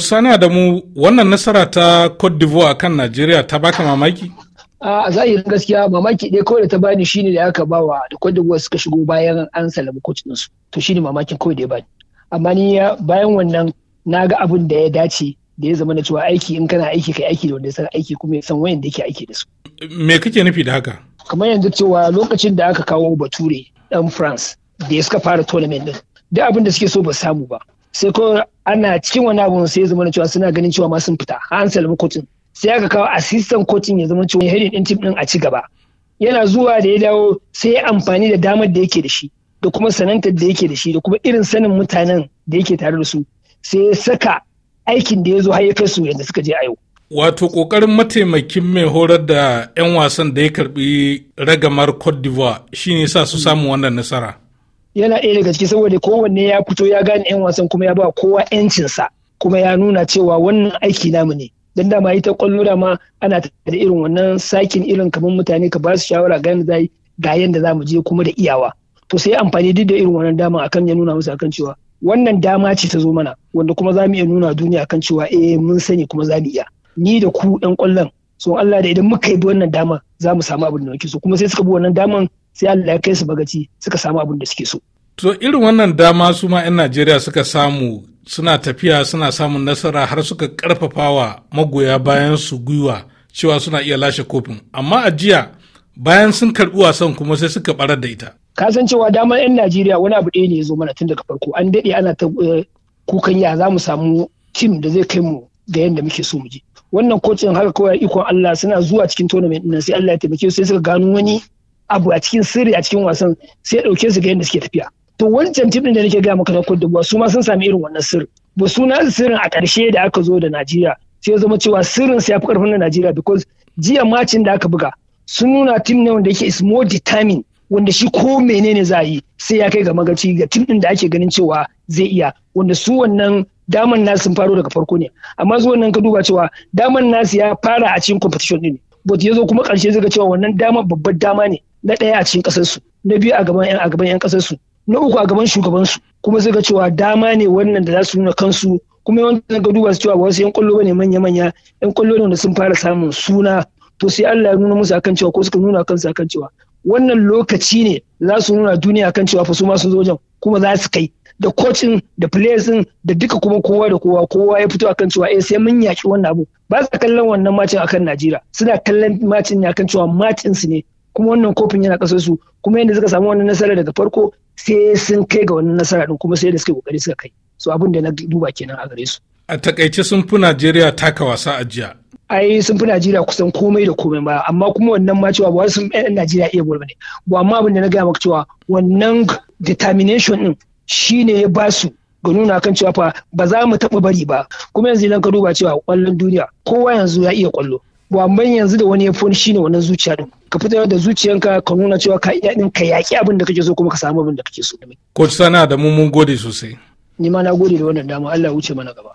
sana da mu wannan nasara ta Cote d'Ivoire kan Najeriya ta baka mamaki? a zahirin gaskiya mamaki ɗaya kawai da ta bani shine da aka bawa da Cote d'Ivoire suka shigo bayan an salami coach su. to shine mamakin kawai da ya bani amma ni bayan wannan na ga abin da ya dace da ya zama na cewa aiki in kana aiki kai aiki da wanda ya san aiki kuma ya san wayan da yake aiki da su. Me kake nufi da haka? Kamar yanzu cewa lokacin da aka kawo Bature ɗan France da ya suka fara tournament ɗin, Duk abin da suke so ba samu ba. sai ko ana cikin wani abu sai ya zama cewa suna ganin cewa ma sun fita an salmi kotun sai aka kawo asistan kotun ya zama cewa hedin in team din a ci gaba yana zuwa da ya dawo sai ya amfani da damar da yake da shi da kuma sanantar da yake da shi da kuma irin sanin mutanen da yake tare da su sai ya saka aikin da ya zo har ya kai su yadda suka je a yau wato kokarin mataimakin mai horar da 'yan wasan da ya karbi ragamar cote d'ivoire shine sa su samu wannan nasara yana ɗaya daga ciki saboda kowanne ya fito ya gane 'yan wasan kuma ya ba kowa 'yancinsa kuma ya nuna cewa wannan aiki namu ne don dama ita kwallo dama ana da irin wannan sakin irin kamar mutane ka ba su shawara ga yadda ga yadda za mu je kuma da iyawa to sai amfani duk da irin wannan dama akan ya nuna musu akan cewa wannan dama ce ta zo mana wanda kuma za mu iya nuna duniya akan cewa eh mun sani kuma za mu iya ni da ku ɗan kwallon so Allah da idan muka yi wannan dama za mu samu abin da muke so kuma sai suka bi wannan daman sai Allah ya kai su bagaci suka samu abin da suke so to irin wannan dama su ma 'yan najeriya suka samu suna tafiya suna samun nasara har suka karfafa wa magoya bayan su gwiwa cewa suna iya lashe kofin amma a jiya bayan sun karbi wasan kuma sai suka barar da ita kasan cewa dama 'yan najeriya wani abu ɗaya ne ya zo mana tun daga farko an daɗe ana ta eh, kukan ya za mu samu tim da zai kai mu ga yadda muke so mu je wannan kocin haka kawai ikon Allah suna zuwa cikin tournament ɗin sai Allah ya taimake su sai suka gano wani abu a cikin sirri a cikin wasan sai ya ɗauke su ga yadda suke tafiya to wancan tim din da nake gaya maka na su ma sun sami irin wannan sirri ba suna sirrin a ƙarshe da aka zo da Najeriya sai ya zama cewa sirrin sai ya fi karfin na Najeriya because jiya macin da aka buga sun nuna tim ne wanda yake is more determined wanda shi ko menene za a yi sai ya kai ga magaci ga tim din da ake ganin cewa zai iya wanda su wannan daman nasu sun faro daga farko ne amma zuwan nan ka duba cewa daman nasu ya fara a cikin competition din but ya zo kuma karshe zai ga cewa wannan dama babbar dama ne na ɗaya a cikin ƙasar na biyu a gaban yan a yan ƙasar na uku a gaban shugabansu kuma sai ga cewa dama ne wannan da za su nuna kansu kuma yawan ga duba su cewa ba wasu yan kwallo bane manya-manya yan kwallo ne wanda sun fara samun suna to sai Allah ya nuna musu akan cewa ko suka nuna kansu akan cewa wannan lokaci ne za su nuna duniya akan cewa fa su ma sun zo wajen kuma za su kai da coaching da players din da duka kuma kowa da kowa kowa ya fito akan cewa eh sai mun yaki wannan abu ba su kallon wannan matchin akan Najeriya suna kallon matchin ne akan cewa matchin su ne kuma wannan kofin yana kasar su kuma yadda suka samu wannan nasara daga farko sai sun kai ga wannan nasara din kuma sai da suka kokari suka kai so abin da na duba kenan a gare su a takaice sun fi Najeriya taka wasa a jiya ai sun fi Najeriya kusan komai da komai ba amma kuma wannan ma cewa ba sun ɗan Najeriya iya gol bane ba amma abin da na gaya maka cewa wannan determination din shine ya ba su ga nuna kan cewa fa ba za mu taɓa bari ba kuma yanzu idan ka duba cewa kwallon duniya kowa yanzu ya iya kwallo wamban yanzu da wani ya fi shine wannan zuciya din ka fitar da zuciyanka ka nuna cewa ka iya din ka yaki abin da kake so kuma ka samu abin da kake so coach sana da mu mun gode sosai ni ma na gode da wannan dama Allah ya wuce mana gaba